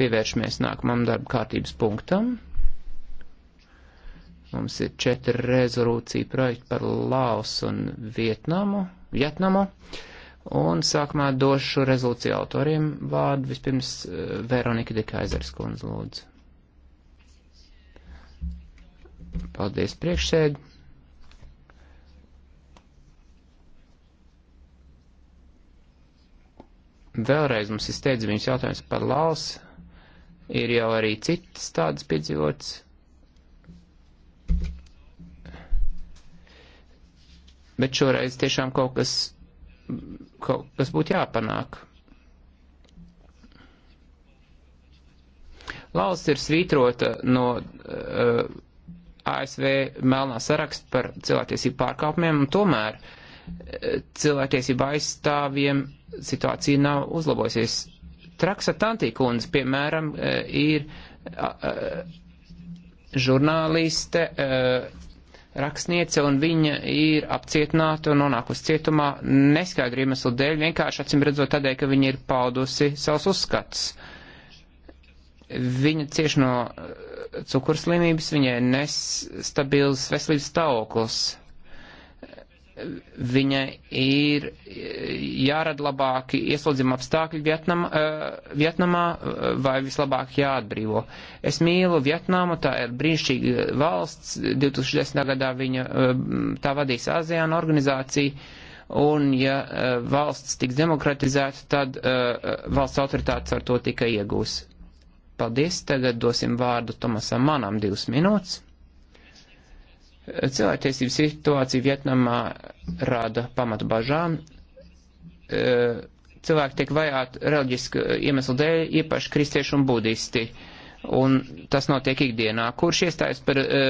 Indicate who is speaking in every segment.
Speaker 1: pievēršamies nākamam darba kārtības punktam. Mums ir četri rezolūcija projekti par Laos un Vietnamu, Vietnamu. Un sākumā došu rezolūciju autoriem vārdu vispirms eh, Veronika Dekaizers kundze lūdzu. Paldies priekšsēd. Vēlreiz mums ir steidzamības jautājums par Laos Ir jau arī citas tādas piedzīvotas. Bet šoreiz tiešām kaut kas, kaut kas būtu jāpanāk. Laus ir svītrota no uh, ASV melnā saraksta par cilvēktiesību pārkāpumiem, un tomēr uh, cilvēktiesību aizstāvjiem situācija nav uzlabojusies. Traksa Tantīkundze, piemēram, e, ir žurnāliste, e, rakstniece, un viņa ir apcietināta un nonākusi cietumā neskaidru iemeslu dēļ, vienkārši acīm redzot tādēļ, ka viņa ir paudusi savus uzskatus. Viņa cieši no e, cukurslimības, viņai nestabils veselības stāvoklis viņai ir eh, jārada labāki ieslodzījuma apstākļi Vietnam, uh, Vietnamā eh, vai vislabāk jāatbrīvo. Es mīlu Vietnamu, tā ir brīnišķīga valsts, 2010. gadā viņa uh, tā vadīs ASEAN organizāciju, un ja uh, valsts tiks demokratizēta, tad uh, valsts autoritātes ar to tikai iegūs. Paldies, tagad dosim vārdu Tomasam Manam divas minūtes. Cilvēktiesību situācija Vietnamā rada pamatu bažām. E, cilvēki tiek vajāti reliģisku iemeslu dēļ, īpaši kristieši un budisti. Un tas notiek ikdienā. Kurš iestājas par e,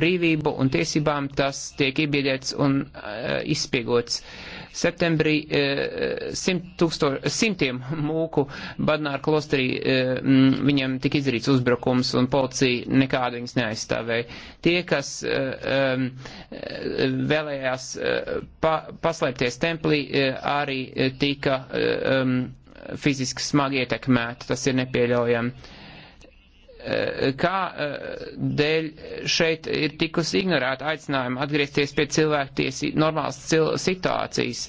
Speaker 1: brīvību un tiesībām, tas tiek iebiedēts un e, izspiegots. Uh, Septembrī eh, simt tūksto, simtiem mūku Badnāra klosterī eh, viņiem tika izdarīts uzbrukums un policija nekādu viņus neaizstāvēja. Tie, kas eh, vēlējās pa, paslēpties templī, arī tika fiziski smagi ietekmēti. Tas ir nepieļaujami Eh, kā eh, dēļ šeit ir tikusi ignorēta aicinājuma atgriezties pie cilvēktiesību normālas cil situācijas.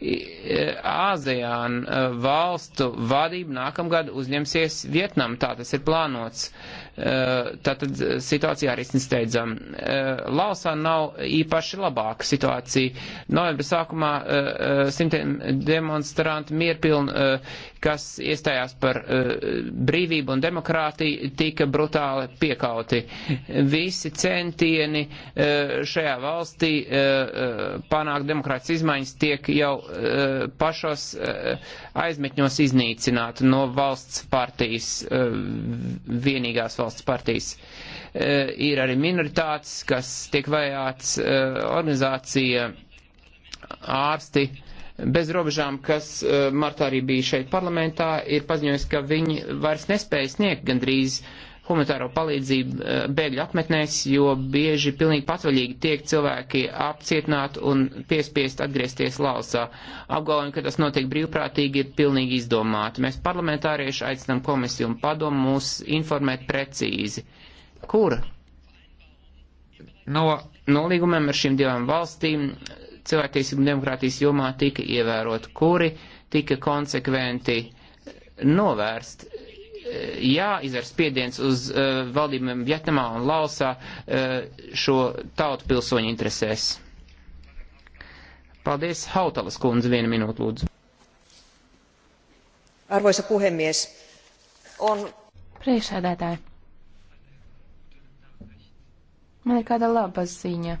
Speaker 1: Eh, ASEAN valstu vadība nākamgad uzņemsies Vietnam, tā tas ir plānots. Uh, Eh, tātad eh, situācija arī steidzam. Eh, Lausā nav īpaši labāka situācija. Novembra sākumā simtiem demonstrantu mierpilni, kas iestājās par brīvību un demokrātiju, tika brutāli piekauti. Visi centieni šajā valstī panākt demokrātas izmaiņas tiek jau pašos aizmetņos iznīcināti no valsts partijas vienīgās valsts valsts partijas. E, ir arī minoritātes, kas tiek vajāts e, organizācija ārsti bez robežām, kas e, martā arī bija šeit parlamentā, ir paziņojis, ka viņi vairs nespēja sniegt gandrīz uh, humanitāro palīdzību eh, bēgļu apmetnēs, jo bieži pilnīgi patvaļīgi tiek cilvēki apcietināti un piespiest atgriezties lausā. Apgalvojumi, ka tas notiek brīvprātīgi, ir pilnīgi izdomāti. Mēs parlamentārieši aicinām komisiju un padomu mūs informēt precīzi. Kur? No nolīgumiem ar šīm divām valstīm cilvēktiesību un demokrātijas jomā tika ievērot, kuri tika konsekventi novērst jāizver spiediens uz uh, eh, valdībiem Vietnamā un Laosā uh, šo tautu pilsoņu interesēs. Paldies, Hautalas kundze, viena minūte lūdzu.
Speaker 2: Arvoisa puhemies, on... Priekšsēdētāji. Man ir kāda laba ziņa.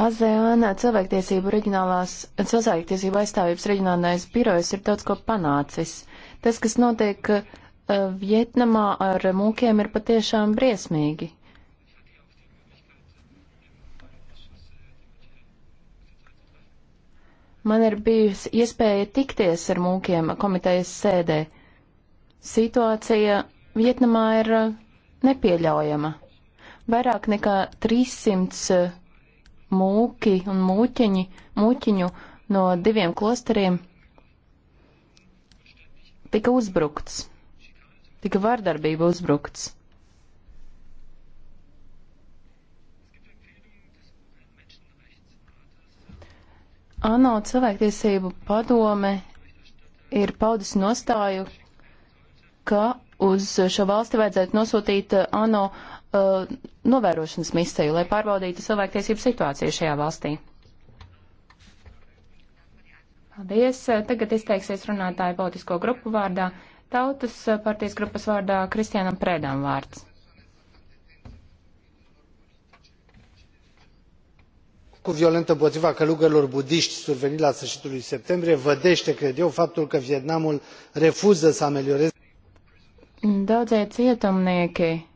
Speaker 2: ASEAN cilvēktiesību reģionālās, cilvēktiesību aizstāvības reģionālais birojas ir daudz ko panācis. Tas, kas notiek uh, Vietnamā ar mūkiem, ir patiešām briesmīgi. Man ir bijusi iespēja tikties ar mūkiem komitejas sēdē. Situācija Vietnamā ir eh, nepieļaujama. Vairāk nekā 300 mūki un mūķiņi, mūķiņu no diviem klosteriem tika uzbrukts, tika vardarbība uzbrukts. ANO cilvēktiesību padome ir paudis nostāju, ka uz šo valsti vajadzētu nosūtīt uh, ANO uh, uh, novērošanas misiju, lai pārbaudītu cilvēktiesību situāciju šajā valstī. Paldies. Tagad izteiksies runātāja politisko grupu vārdā. Tautas partijas grupas vārdā Kristianam Prēdām vārds.
Speaker 3: cu violentă împotriva călugărilor budiști survenit la sfârșitul lui septembrie vădește cred eu faptul că vietnamul refuză să amelioreze
Speaker 2: Daudzie cietumnieki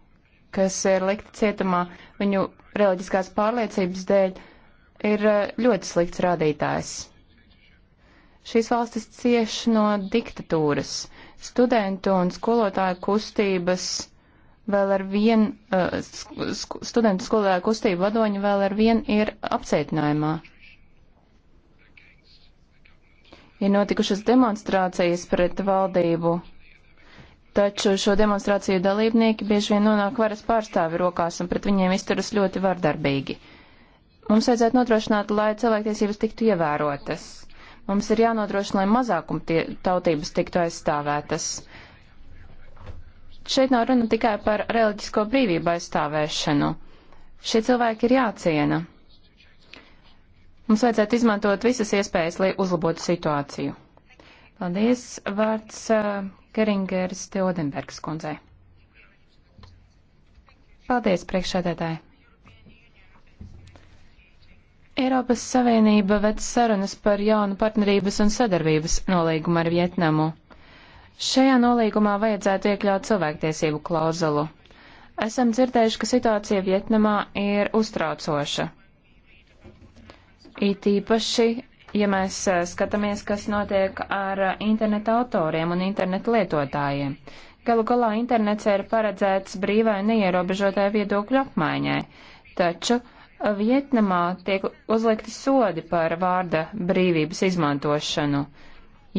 Speaker 2: kas ir likti cietumā viņu reliģiskās pārliecības dēļ, ir eh, ļoti slikts rādītājs. Šīs valstis cieš no diktatūras. Studentu un skolotāju kustības vēl ar vienu, eh, uh, studentu skolotāju kustību vadoņi vēl ar vienu ir apcietinājumā. Ir notikušas demonstrācijas pret valdību Taču šo demonstrāciju dalībnieki bieži vien nonāk varas pārstāvi rokās un pret viņiem izturas ļoti vardarbīgi. Mums vajadzētu nodrošināt, lai cilvēktiesības tiktu ievērotas. Mums ir jānodrošina, lai mazākumtautības tiktu aizstāvētas. Šeit nav runa tikai par reliģisko brīvību aizstāvēšanu. Šie cilvēki ir jāciena. Mums vajadzētu izmantot visas iespējas, lai uzlabotu situāciju. Paldies. Vārds uh, Geringers Teodenbergs kundzei. Paldies, priekšsēdētāji! Eiropas Savienība ved sarunas par jaunu partnerības un sadarbības nolīgumu ar Vietnamu. Šajā nolīgumā vajadzētu iekļaut cilvēktiesību klauzulu. Esam dzirdējuši, ka situācija Vietnamā ir uztraucoša. It īpaši ja mēs eh, skatāmies, kas notiek ar eh, interneta autoriem un interneta lietotājiem. Galu galā internets ir paredzēts brīvai neierobežotai viedokļu apmaiņai, taču eh, Vietnamā tiek uzlikti sodi par vārda brīvības izmantošanu,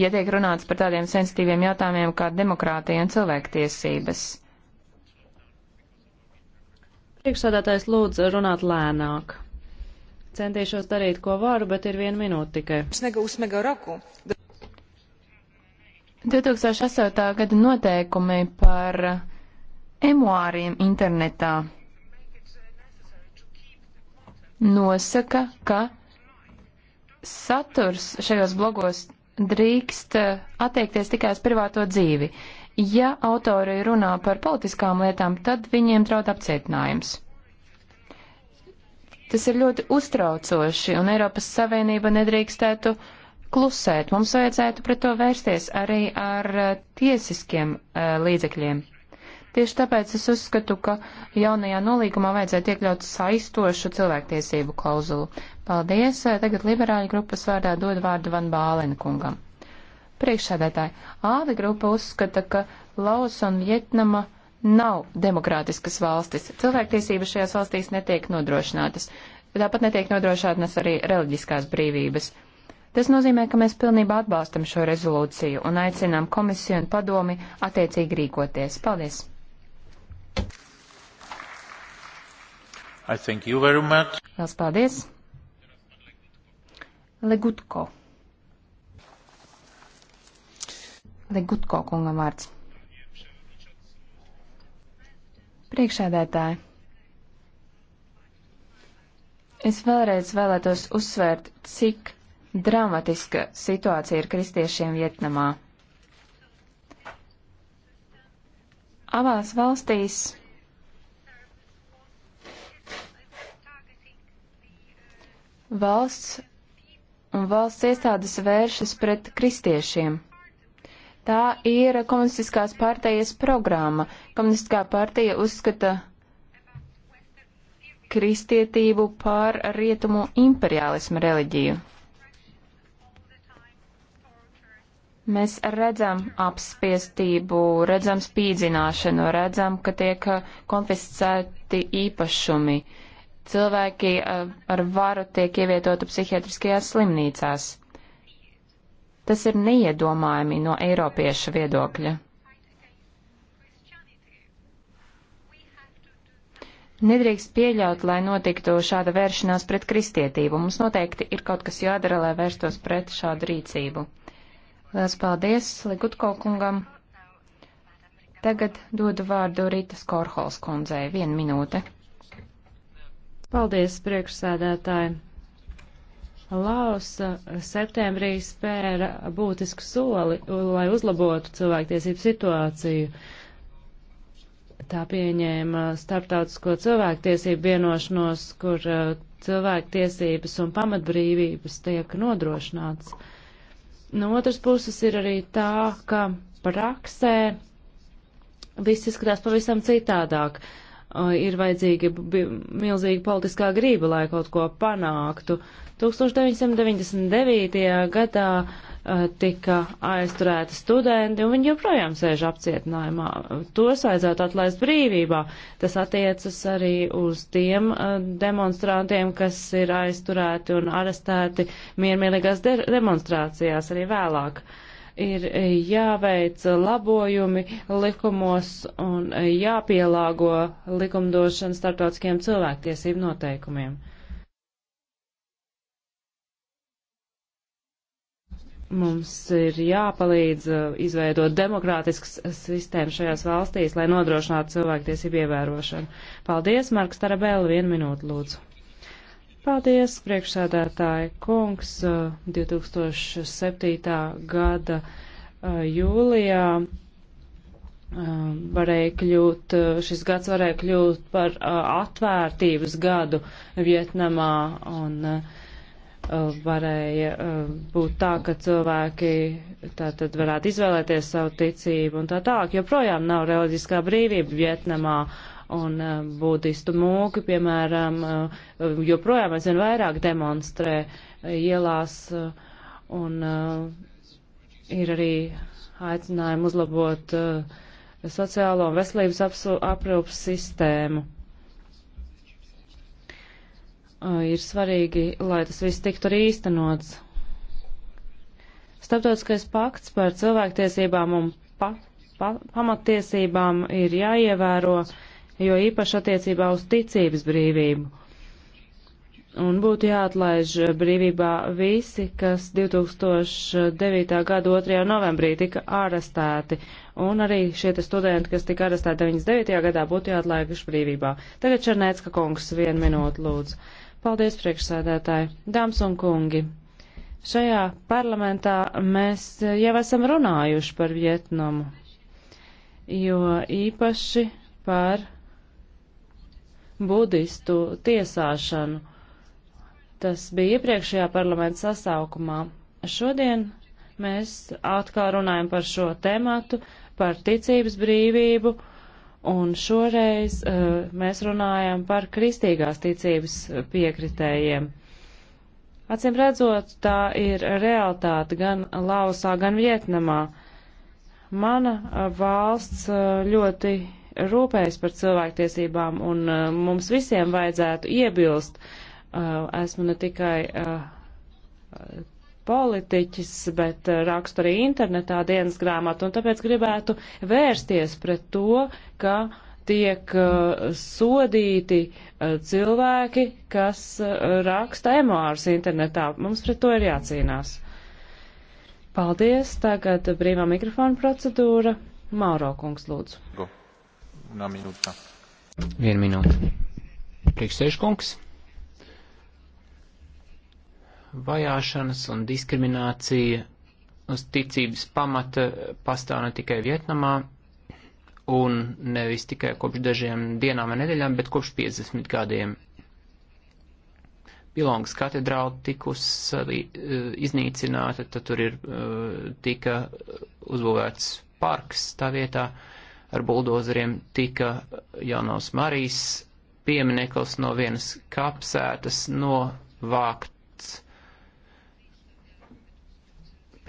Speaker 2: ja tiek runāts par tādiem sensitīviem jautājumiem kā demokrātija un cilvēktiesības.
Speaker 3: Priekšsādātājs lūdzu runāt lēnāk. Centīšos darīt, ko varu, bet ir viena minūte tikai.
Speaker 2: 2008. gada noteikumi par emuāriem internetā nosaka, ka saturs šajos blogos drīkst attiekties tikai uz privāto dzīvi. Ja autori runā par politiskām lietām, tad viņiem draud apcietinājums. Tas ir ļoti uztraucoši, un Eiropas Savienība nedrīkstētu klusēt. Mums vajadzētu pret to vērsties arī ar eh, tiesiskiem uh, līdzekļiem. Tieši tāpēc es uzskatu, ka jaunajā nolīgumā vajadzētu iekļaut saistošu cilvēktiesību klauzulu. Paldies! Tagad liberāļu grupas vārdā dod vārdu Van Bālena kungam. Priekšsēdētāji, Āda grupa uzskata, ka Laos un Vietnama nav demokrātiskas valstis. Cilvēktiesības šajās valstīs netiek nodrošinātas. Tāpat netiek nodrošinātas arī reliģiskās brīvības. Tas nozīmē, ka mēs pilnībā atbalstam šo rezolūciju un aicinām komisiju un padomi attiecīgi rīkoties. Paldies!
Speaker 3: Lielas
Speaker 2: paldies! Legutko. Legutko kungam vārds. Priekšādētāji, es vēlreiz vēlētos uzsvērt, cik dramatiska situācija ir kristiešiem Vietnamā. Abās valstīs valsts un valsts iestādes vēršas pret kristiešiem. Tā ir komunistiskās pārtējas programma. Komunistiskā pārtēja uzskata kristietību par rietumu imperiālismu reliģiju. Mēs redzam apspiestību, redzam spīdzināšanu, redzam, ka tiek uh, konfiscēti īpašumi. Cilvēki uh, ar varu tiek ievietoti psihiatriskajās slimnīcās. Tas ir neiedomājami no Eiropieša viedokļa. Nedrīkst pieļaut, lai notiktu šāda vēršanās pret kristietību. Mums noteikti ir kaut kas jādara, lai vērstos pret šādu rīcību. Lielas paldies Ligutko kungam. Tagad dodu vārdu Rītas Korhols kundzei. Vienu minūte.
Speaker 3: Paldies, priekšsēdētāji. Lausa eh, septembrī spēra būtisku soli, lai uzlabotu cilvēktiesību situāciju. Tā pieņēma starptautisko cilvēktiesību vienošanos, kur eh, cilvēktiesības un pamatbrīvības tiek nodrošināts. No otras puses ir arī tā, ka praksē viss izskatās pavisam citādāk. Uh, ir vajadzīga milzīga politiskā grība, lai kaut ko panāktu. 1999. gadā uh, tika aizturēti studenti, un viņi joprojām sēž apcietinājumā. Tos vajadzētu atlaist brīvībā. Tas attiecas arī uz tiem uh, demonstrantiem, kas ir aizturēti un arestēti miermīlīgās de demonstrācijās arī vēlāk. Uh, ir jāveic labojumi likumos un jāpielāgo likumdošana starptautiskiem cilvēktiesību noteikumiem. Mums ir jāpalīdz izveidot demokrātiskas sistēmas šajās valstīs, lai nodrošinātu cilvēktiesību ievērošanu. Paldies, Marks Tarabēla, vienu minūtu lūdzu. Paldies, priekšsēdētāji kungs, 2007. Eh, gada eh, jūlijā eh, varēja kļūt, šis gads varēja kļūt par atvērtības gadu Vietnamā un varēja būt tā, ka cilvēki tā tad varētu izvēlēties savu ticību un tā tālāk. Joprojām nav reliģiskā brīvība Vietnamā un uh, budistu mūki, piemēram, uh, joprojām aizvien vairāk demonstrē uh, ielās, uh, un uh, ir arī aicinājumi uzlabot uh, sociālo un veselības aprūpas sistēmu. Uh, ir svarīgi, lai tas viss tiktu arī īstenots. Starptautiskais pakts par cilvēktiesībām un pa, pa, pamattiesībām ir jāievēro. Uh, jo īpaši attiecībā uz ticības brīvību. Un būtu jāatlaiž brīvībā visi, kas 2009. gada 2. novembrī tika arestēti. Un arī šie studenti, kas tika arestēti 99. gadā, būtu jāatlaiž brīvībā. Tagad Černēcka kungs vienu minūtu lūdzu. Paldies, priekšsēdētāji. Dāmas un kungi, šajā parlamentā mēs jau esam runājuši par Vietnamu, jo īpaši par budistu tiesāšanu. Tas bija iepriekšējā parlamenta sasaukumā. Šodien mēs atkal runājam par šo tematu, par ticības brīvību, un šoreiz uh, mēs runājam par kristīgās ticības piekritējiem. Acīm redzot, tā ir realitāte gan Laosā, gan Vietnamā. Mana eh, valsts eh, ļoti rūpējas par cilvēktiesībām, un uh, mums visiem vajadzētu iebilst. Uh, esmu ne tikai uh, politiķis, bet uh, rakstu arī internetā dienas grāmatu, un tāpēc gribētu vērsties pret to, ka tiek uh, sodīti uh, cilvēki, kas uh, raksta emārus internetā. Mums pret to ir jācīnās. Paldies. Tagad brīvā mikrofona procedūra. Mauro kungs, lūdzu.
Speaker 1: Go. Una minūte. Vienu minūti. Priekšsēžkungs. Vajāšanas un diskriminācija uz ticības pamata pastāv ne tikai Vietnamā, un nevis tikai kopš dažiem dienām vai nedēļām, bet kopš 50 gadiem. Pilongas katedrāla tikus eh, iznīcināta, tad tur ir eh, tika uzbūvēts parks tā vietā. Uh, ar buldozeriem tika jaunos Marijas piemineklis no vienas kapsētas novākts.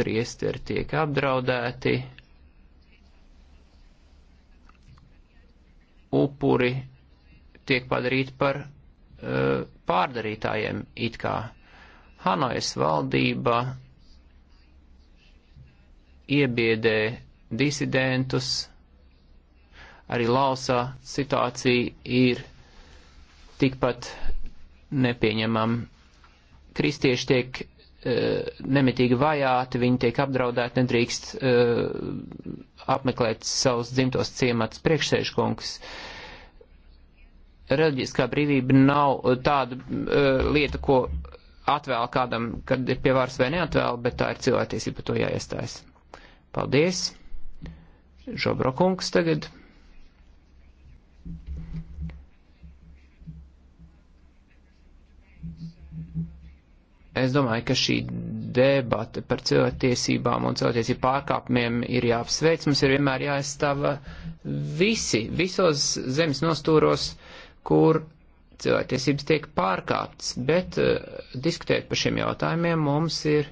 Speaker 1: Priesteri tiek apdraudēti, upuri tiek padarīti par uh, pārdarītājiem it kā. Hanojas valdība iebiedē disidentus, Arī Laosā situācija ir tikpat nepieņemama. Kristieši tiek e, nemitīgi vajāti, viņi tiek apdraudēti, nedrīkst e, apmeklēt savus dzimtos ciemats priekšsēžkungs. Reliģiskā brīvība nav tāda e, lieta, ko atvēl kādam, kad ir pie varas vai neatvēl, bet tā ir cilvēktiesība, par to jāiestājas. Paldies! Žobrokungs tagad. Es domāju, ka šī debata par cilvēktiesībām un cilvēktiesību pārkāpumiem ir jāapsveic. Mums ir vienmēr jāaizstāv visi, visos zemes nostūros, kur cilvēktiesības tiek pārkāptas. Bet uh, diskutēt par šiem jautājumiem mums ir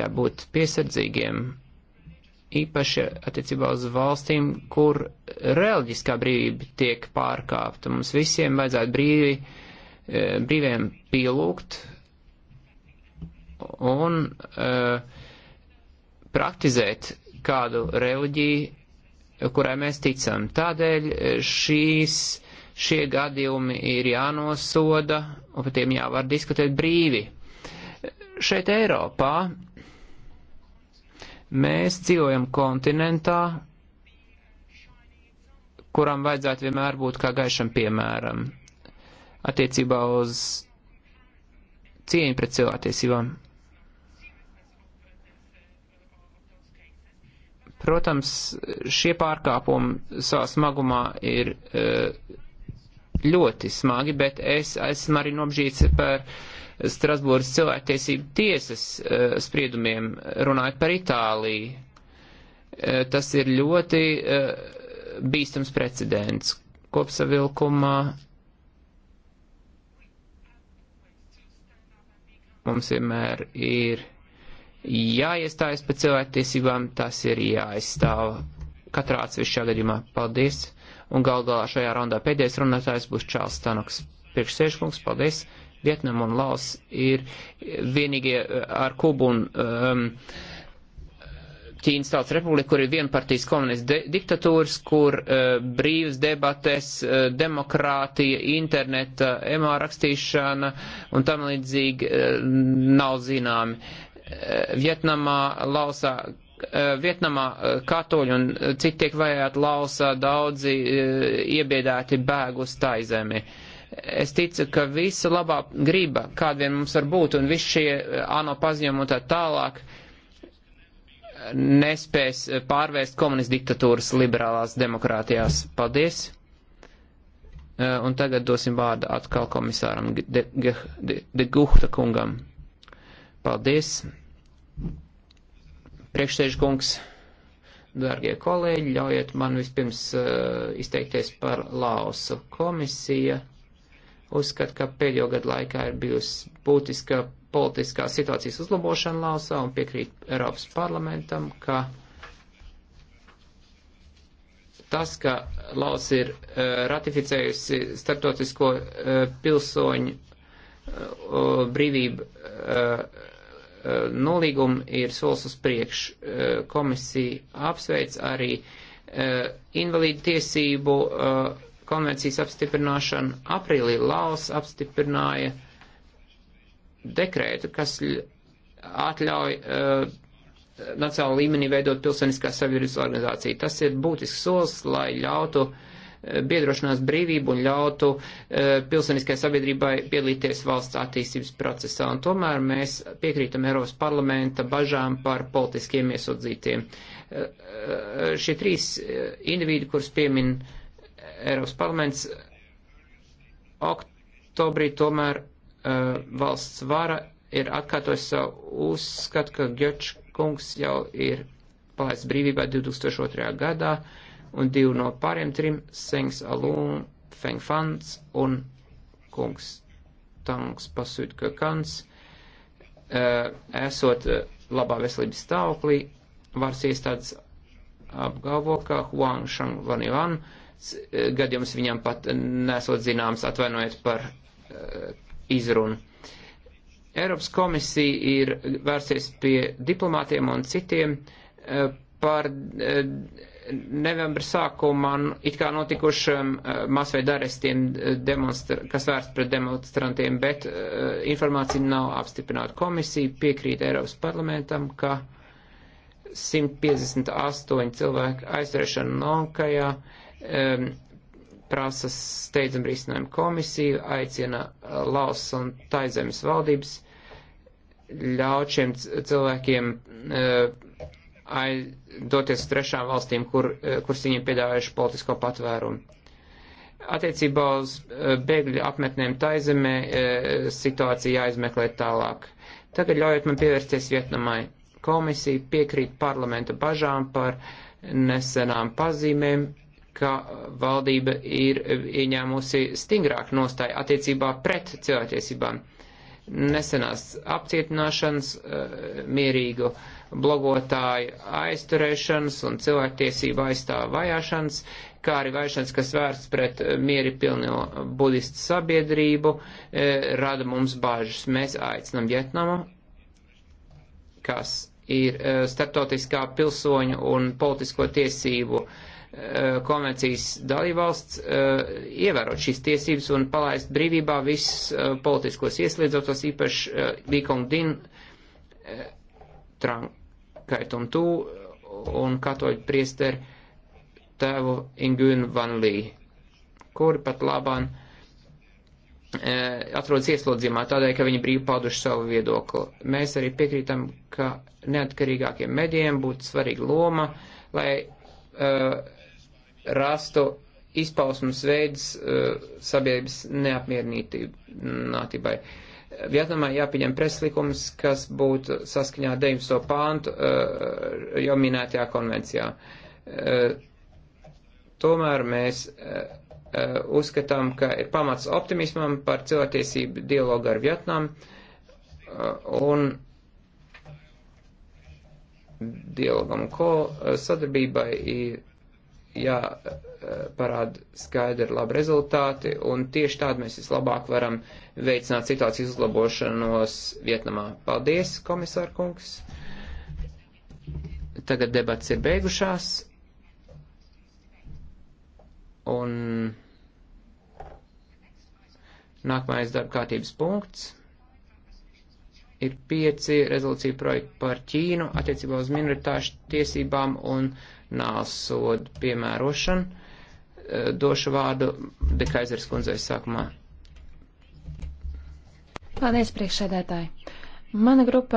Speaker 1: jābūt piesardzīgiem, īpaši attiecībā uz valstīm, kur reliģiskā brīvība tiek pārkāpta. Mums visiem vajadzētu brīvi, eh, brīviem pielūgt un uh, praktizēt kādu reliģiju, kurai mēs ticam. Tādēļ šīs, šie gadījumi ir jānosoda un par tiem jāvar diskutēt brīvi. Šeit Eiropā mēs dzīvojam kontinentā, kuram vajadzētu vienmēr būt kā gaišam piemēram attiecībā uz cieņu pret cilvēktiesībām. Protams, šie pārkāpumi savā smagumā ir e, ļoti smagi, bet es esmu arī nobžīts par Strasbūras cilvēktiesību tiesas e, spriedumiem, runājot par Itāliju. E, tas ir ļoti bīstams precedents kopsavilkumā. Mums vienmēr ir jāiestājas par cilvēktiesībām, tas ir jāaizstāv katrā atsevišķā gadījumā. Paldies! Un galu galā šajā raundā pēdējais runātājs būs Čāls Stanoks. Priekšsēžkungs, paldies! Vietnam un Laos ir vienīgie eh, ar Kubu un um, Ķīnas tautas republika, kur ir vienpartijas komunistu diktatūras, kur uh, brīvas debates, uh, demokrātija, interneta, emā rakstīšana un tam līdzīgi uh, nav zināmi. Uh, Vietnamā, Lausā, eh, Vietnamā eh, katoļi un citi tiek vajāti Lausā, daudzi eh, iebiedēti bēg uz taizemi. Es ticu, ka visa labā griba, kāda vien mums var būt, un visi šie ANO paziņojumi un tā tālāk, nespēs pārvērst komunistu diktatūras liberālās demokrātijās. Paldies! Un tagad dosim vārdu atkal komisāram De, de, de Guhta kungam. Paldies! Priekšsēžkungs, dārgie kolēģi, ļaujiet man vispirms uh, izteikties par Laosu komisiju. Uzskat, ka pēdējo gadu laikā ir bijusi būtiska politiskā situācijas uzlabošana Laosā un piekrīt Eiropas parlamentam, ka tas, ka Laos ir uh, ratificējusi starptautisko uh, pilsoņu uh, brīvību uh, Eh, nolīgumu ir solis uz priekšu. Eh, komisija apsveic arī eh, invalīdu tiesību konvencijas apstiprināšanu. Aprīlī Laos apstiprināja dekrētu, kas atļauj nacionāla līmenī veidot pilsoniskā sabiedrības organizāciju. Tas ir būtisks solis, lai ļautu uh, biedrošanās brīvību un ļautu e, pilsoniskai sabiedrībai piedalīties valsts attīstības procesā. Un tomēr mēs piekrītam Eiropas parlamenta bažām par politiskiem iesūdzītiem. E, e, šie trīs individi, kurus piemin Eiropas parlaments, oktobrī tomēr valsts vara ir atkārtojis savu uzskatu, ka Gjočs kungs jau ir palaists brīvībā 2002. gadā. Uh, un divi no pāriem trim - Sengs Alum, Feng Fans un kungs Tangs Pasūt Kakans, uh, eh, esot uh, labā veselības stāvoklī, varas iestādes apgalvo, ka Huang Shang Van Ivan uh, eh, gadījums viņam pat nesot zināms atvainojiet par uh, izrunu. Eiropas komisija ir vērsies pie diplomātiem un citiem uh, par uh, novembra sākumā nu, it kā notikušiem eh, masveida arestiem, eh, kas vērsts pret demonstrantiem, bet eh, informācija nav apstiprināta. Komisija piekrīt Eiropas parlamentam, ka 158 cilvēku aizturēšana Nonkajā um, prasa steidzam risinājumu komisiju, aicina Laus un Taizemes valdības ļaut šiem cilvēkiem uh, doties trešām valstīm, kur, eh, kuras viņiem piedāvājuši politisko patvērumu. Attiecībā uz eh, bēgļu apmetnēm taizemē eh, situācija jāizmeklē tālāk. Tagad ļaujiet man pievērsties Vietnamai. Komisija piekrīt parlamenta bažām par nesenām pazīmēm, ka valdība ir ieņēmusi stingrāk nostāju attiecībā pret cilvēktiesībām. Uh, nesenās apcietināšanas, eh, mierīgu blogotāju aizturēšanas un cilvēktiesību aizstāvu vajāšanas, kā arī vajāšanas, kas vērsts pret eh, mieri pilno budistu sabiedrību, eh, rada mums bāžas. Mēs aicinam Vietnamu, kas ir starptautiskā pilsoņu un politisko tiesību uh, Eh, konvencijas dalībvalsts eh, ievērot šīs tiesības un palaist brīvībā visus eh, politiskos ieslēdzotos, īpaši Līkong Din, Trankaitum Tu un katoļu priesteru tēvu Ingūnu Van Lī, kuri pat labāk atrodas ieslodzījumā tādēļ, ka viņi brīvi pauduši savu viedokli. Mēs arī piekrītam, ka neatkarīgākiem medijiem būtu svarīga loma, lai uh, rastu izpausmas veids uh, sabiedrības neapmierinātībai. Vietnamā jāpieņem preslikums, kas būtu saskaņā 9. pāntu uh, jau minētajā konvencijā. Uh, tomēr mēs uzskatām, ka ir pamats optimismam par cilvēktiesību dialogu ar Vietnamu un dialogam ko sadarbībai ir jāparāda e, skaidri labi rezultāti, un tieši tādu mēs vislabāk varam veicināt situācijas uzlabošanos Vietnamā. Paldies, komisār kungs! Tagad debats ir beigušās, un nākamais darba kārtības punkts ir pieci rezolūcija projekti par Ķīnu attiecībā uz minoritāšu tiesībām un nāsodu piemērošanu. Eh, došu vārdu Dekaizers kundzei sākumā.
Speaker 2: Paldies, priekšsēdētāji. Mana grupa